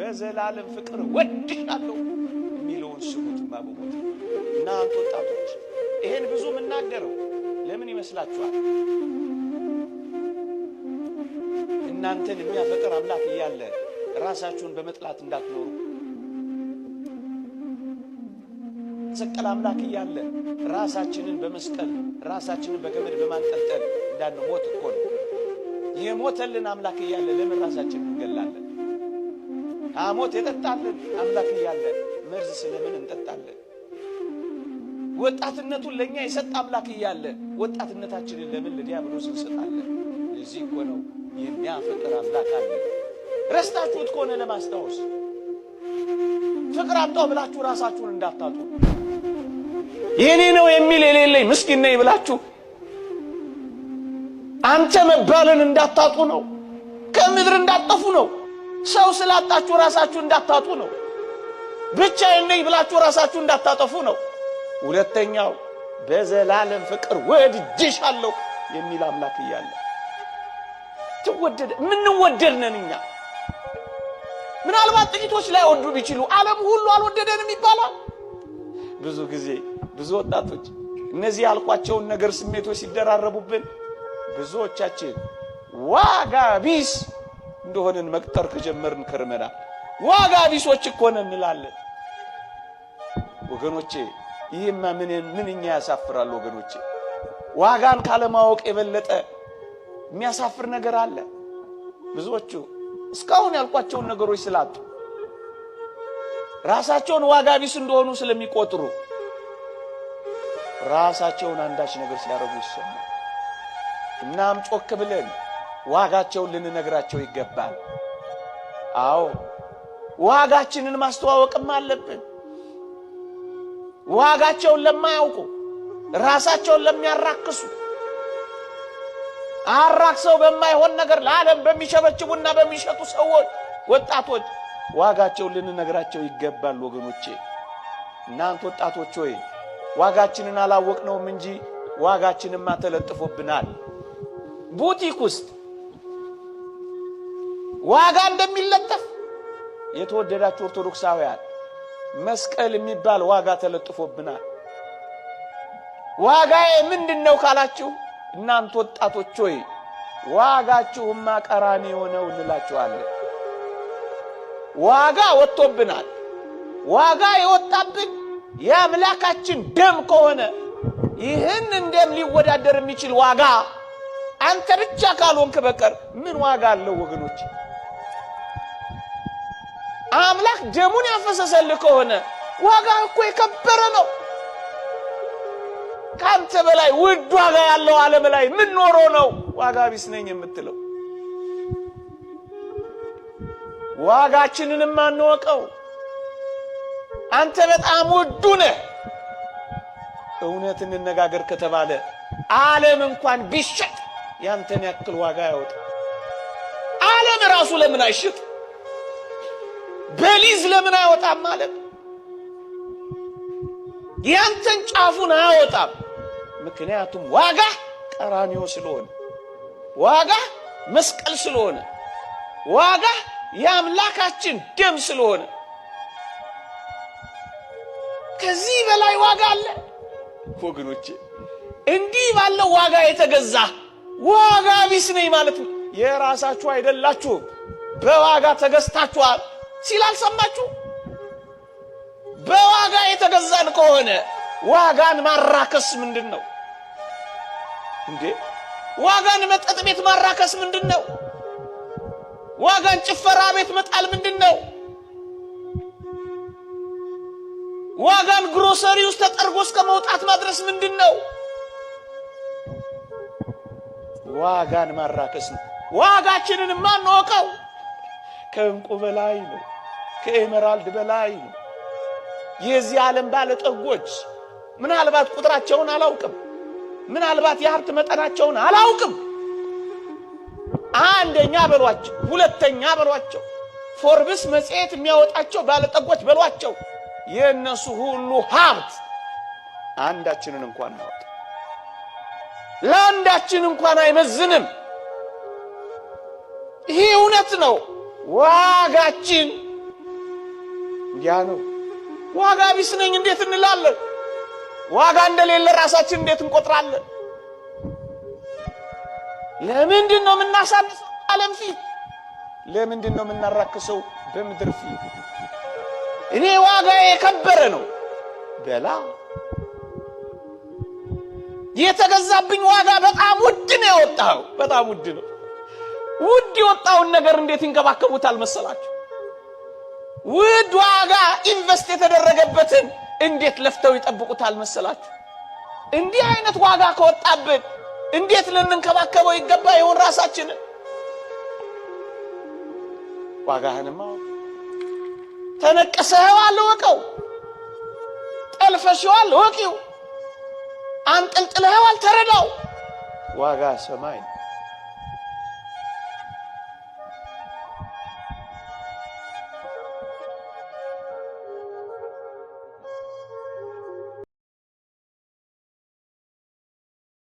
በዘላለም ፍቅር ወድሻለሁ የሚለውን ስሙት። ማበቦት እናንተ ወጣቶች ይሄን ብዙ የምናገረው ለምን ይመስላችኋል? እናንተን የሚያፈቅር አምላክ እያለ ራሳችሁን በመጥላት እንዳትኖሩ ሰቀል አምላክ እያለ ራሳችንን በመስቀል ራሳችንን በገመድ በማንጠልጠል እንዳንሞት እኮ ነው። የሞተልን አምላክ እያለ ለምን ራሳችን እንገላለን? አሞት የጠጣልን አምላክ እያለን መርዝ ስለምን እንጠጣለን? ወጣትነቱን ለእኛ የሰጥ አምላክ እያለ ወጣትነታችንን ለምን ለዲያብሎስ እንሰጣለን? እዚህ እኮ ነው የሚያፈቅር አምላክ አለ። ረስታችሁት ከሆነ ለማስታወስ ፍቅር አጣው ብላችሁ ራሳችሁን እንዳታጡ። የኔ ነው የሚል የሌለኝ ምስኪን ነኝ ብላችሁ አንተ መባልን እንዳታጡ ነው። ከምድር እንዳጠፉ ነው። ሰው ስላጣችሁ ራሳችሁ እንዳታጡ ነው። ብቻዬን ነኝ ብላችሁ ራሳችሁ እንዳታጠፉ ነው። ሁለተኛው በዘላለም ፍቅር ወድጄሻለሁ የሚል አምላክ እያለ ትወደደ የምንወደድ ነን እኛ። ምናልባት ጥቂቶች ወዱ ይችሉ፣ ዓለም ሁሉ አልወደደንም ይባላል። ብዙ ጊዜ ብዙ ወጣቶች እነዚህ ያልኳቸውን ነገር ስሜቶች ሲደራረቡብን ብዙዎቻችን ዋጋ ቢስ እንደሆንን መቅጠር ከጀመርን ከርመዳ ዋጋ ቢሶች እኮ ነን እንላለን። ወገኖቼ ይህማ ምንኛ ያሳፍራል። ወገኖቼ ዋጋን ካለማወቅ የበለጠ የሚያሳፍር ነገር አለ? ብዙዎቹ እስካሁን ያልኳቸውን ነገሮች ስላጡ ራሳቸውን ዋጋ ቢስ እንደሆኑ ስለሚቆጥሩ ራሳቸውን አንዳች ነገር ሲያደርጉ ይሰማል። እናም ጮክ ብለን ዋጋቸውን ልንነግራቸው ይገባል። አዎ ዋጋችንን ማስተዋወቅም አለብን። ዋጋቸውን ለማያውቁ ራሳቸውን ለሚያራክሱ አራክሰው በማይሆን ነገር ለዓለም በሚሸበችቡና በሚሸጡ ሰዎች፣ ወጣቶች ዋጋቸውን ልንነግራቸው ይገባል። ወገኖቼ እናንተ ወጣቶች ሆይ ዋጋችንን አላወቅነውም እንጂ ዋጋችንማ ተለጥፎብናል ቡቲክ ውስጥ ዋጋ እንደሚለጠፍ የተወደዳችሁ ኦርቶዶክሳውያን መስቀል የሚባል ዋጋ ተለጥፎብናል። ዋጋዬ ምንድን ነው ካላችሁ፣ እናንተ ወጣቶች ሆይ ዋጋችሁማ ቀራኒ የሆነው እንላችኋለን። ዋጋ ወጥቶብናል። ዋጋ የወጣብን የአምላካችን ደም ከሆነ ይህን እንደም ሊወዳደር የሚችል ዋጋ አንተ ብቻ ካልሆንክ በቀር ምን ዋጋ አለው ወገኖች? አምላክ ደሙን ያፈሰሰልህ ከሆነ ዋጋ እኮ የከበረ ነው። ከአንተ በላይ ውድ ዋጋ ያለው ዓለም ላይ ምን ኖሮ ነው ዋጋ ቢስ ነኝ የምትለው? ዋጋችንንም አንወቀው። አንተ በጣም ውዱ ነህ። እውነት እንነጋገር ከተባለ ዓለም እንኳን ቢሸጥ ያንተን ያክል ዋጋ ያወጣ። ዓለም ራሱ ለምን አይሸጥ? በሊዝ ለምን አይወጣም ማለት ያንተን ጫፉን አያወጣም። ምክንያቱም ዋጋ ቀራኒዮ ስለሆነ፣ ዋጋ መስቀል ስለሆነ፣ ዋጋ የአምላካችን ደም ስለሆነ ከዚህ በላይ ዋጋ አለ ወገኖቼ። እንዲህ ባለው ዋጋ የተገዛ ዋጋ ቢስ ነኝ ማለት ነው። የራሳችሁ አይደላችሁም፣ በዋጋ ተገዝታችኋል። ሲል አልሰማችሁ? በዋጋ የተገዛን ከሆነ ዋጋን ማራከስ ምንድን ነው እንዴ? ዋጋን መጠጥ ቤት ማራከስ ምንድን ነው? ዋጋን ጭፈራ ቤት መጣል ምንድን ነው? ዋጋን ግሮሰሪ ውስጥ ተጠርጎ እስከ መውጣት ማድረስ ምንድን ነው? ዋጋን ማራከስ ነው። ዋጋችንን ማንወቀው ከእንቁ በላይ ነው። ከኤመራልድ በላይ ነው። የዚህ ዓለም ባለጠጎች ምናልባት ቁጥራቸውን አላውቅም፣ ምናልባት የሀብት መጠናቸውን አላውቅም። አንደኛ በሏቸው፣ ሁለተኛ በሏቸው፣ ፎርብስ መጽሔት የሚያወጣቸው ባለጠጎች በሏቸው። የእነሱ ሁሉ ሀብት አንዳችንን እንኳን አያወጣም፣ ለአንዳችን እንኳን አይመዝንም። ይሄ እውነት ነው። ዋጋችን ያ ነው። ዋጋ ቢስ ነኝ እንዴት እንላለን? ዋጋ እንደሌለ ራሳችን እንዴት እንቆጥራለን? ለምንድን ነው የምናሳንሰው ዓለም ፊት? ለምንድን ነው የምናራክሰው በምድር ፊት? እኔ ዋጋ የከበረ ነው በላ። የተገዛብኝ ዋጋ በጣም ውድ ነው። የወጣኸው በጣም ውድ ነው። ውድ የወጣውን ነገር እንዴት ይንከባከቡታል መሰላችሁ? ውድ ዋጋ ኢንቨስት የተደረገበትን እንዴት ለፍተው ይጠብቁታል መሰላችሁ? እንዲህ አይነት ዋጋ ከወጣብን እንዴት ልንንከባከበው ይገባ ይሆን ራሳችንን? ዋጋህንማ ተነቅሰኸዋል፣ እወቀው። ጠልፈሽዋል፣ እወቂው። አንጠልጥለኸዋል፣ ተረዳው። ዋጋ ሰማይ